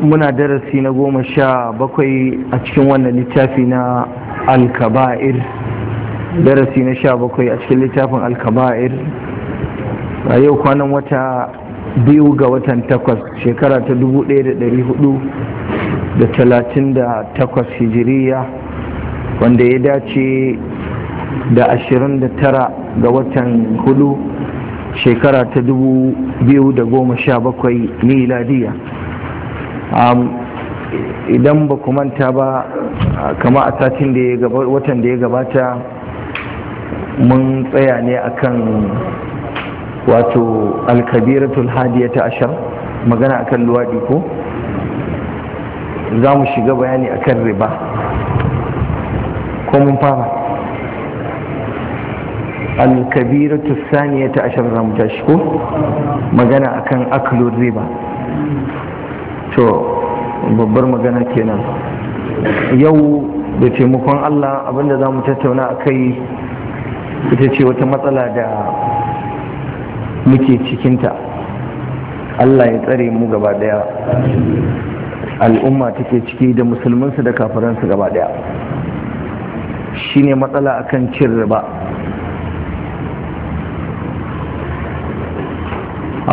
muna darasi na goma sha bakwai a cikin wannan littafi na alkaba'ir darasi na sha bakwai a cikin littafin alkaba'ir a yau kwanan wata biyu ga watan takwas shekara ta dubu da da talatin takwas hijiriya wanda ya dace da ashirin da tara ga watan hudu shekara ta dubu biyu da goma sha bakwai miladiya idan ba ku manta ba kama a satin da watan da ya gabata mun tsaya ne akan wato alkabiratul hadiyata ashar magana akan luwaɗi ko za mu shiga bayani akan riba ko mun fara alkabiratu saniyata ashar za mu tashi ko magana akan aklun riba to babbar magana kenan yau da taimakon allah abinda za mu tattauna a kai ita ce wata matsala da muke cikinta allah ya tsare mu gaba daya al'umma take ciki da musulminsu da kafiransu gaba daya shine matsala akan cin riba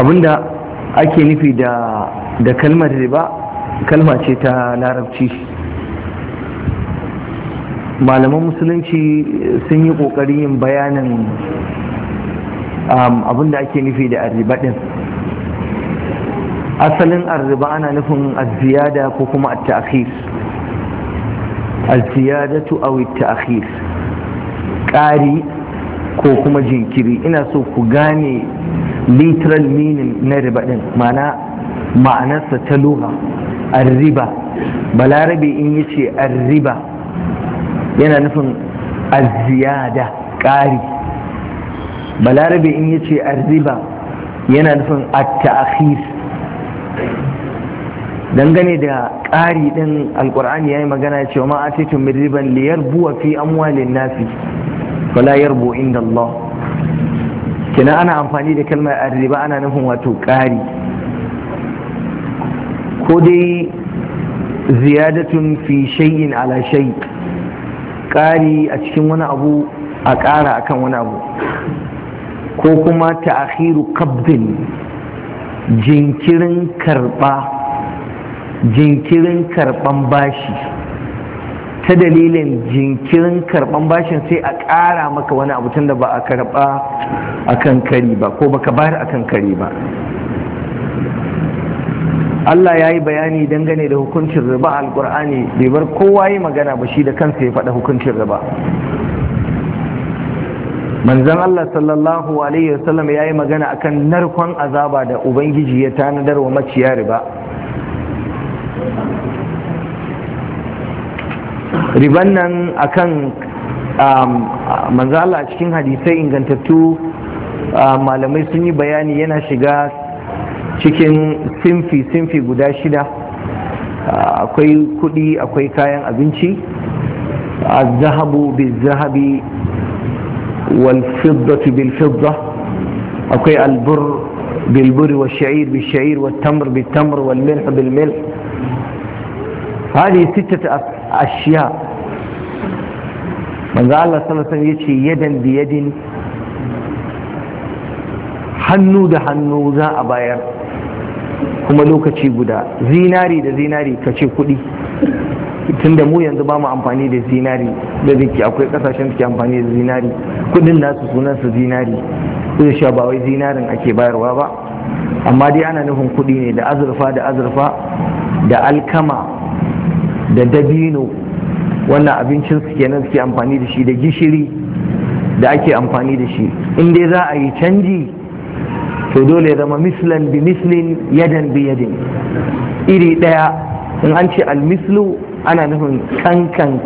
abinda ake nufi da da kalmar riba kalma ce ta larabci malaman musulunci sun yi ƙoƙarin yin bayanin um, abin da ake nufi da arriba din. asalin arriba ana nufin aziyada ko kuma a ta'akhir tu aw ƙari ko kuma jinkiri ina so ku gane literal meaning na riba din ma'ana ma'anarsa ta luha arriba balarabe in yi ce arriba yana nufin aziyada ƙari balarabe in yi ce arriba yana nufin a takhir dangane da ƙari ɗin alƙur'ani ya yi magana cewa ma'atitun min riban buwa fi amwalin nafi fala yarbu inda Allah kenan ana amfani da kalmar arriba ana nufin wato ƙari ko dai ziyadatun fi shay'in ala shay ƙari a cikin wani abu a ƙara akan wani abu ko kuma takhiru kabdin jinkirin karɓa jinkirin karɓan bashi ta dalilin jinkirin karban bashin sai a ƙara maka wani abu da ba a karba akan kari ba ko baka bayar kan kari ba Allah ya yi bayani dangane da hukuncin riba a alkur'ani bai bar kowa yi magana ba shi da kansa ya faɗa hukuncin riba manzan Allah sallallahu alaihi wasallam ya yi magana akan narkon azaba da ubangiji ya tanadar wa maciya riba riban nan a kan um, Manzala cikin hadisai ingantattu um, malamai sun yi bayani yana shiga cikin simfi-simfi guda shida uh, akwai kudi akwai kayan abinci الذهب بالذهب والفضة بالفضة أكوي البر بالبر والشعير بالشعير والتمر بالتمر والملح بالملح هذه ستة ashiya manzo Allah sallallahu alaihi yace yadan bi yadin hannu da hannu za a bayar kuma lokaci guda zinari da zinari kace kuɗi tunda mu yanzu ba mu amfani da zinari da zinki akwai kasashen suke amfani da zinari kudin nasu sunan su zinari zai sha ba wai zinarin ake bayarwa ba amma dai ana nufin kuɗi ne da azurfa da azurfa da alkama da dabino wannan abincin su kenan suke amfani da shi da gishiri da ake amfani da shi in dai za a yi canji to dole ya zama mislan bi mislin yadan bi yadin iri ɗaya in an ce almislu ana nufin kankan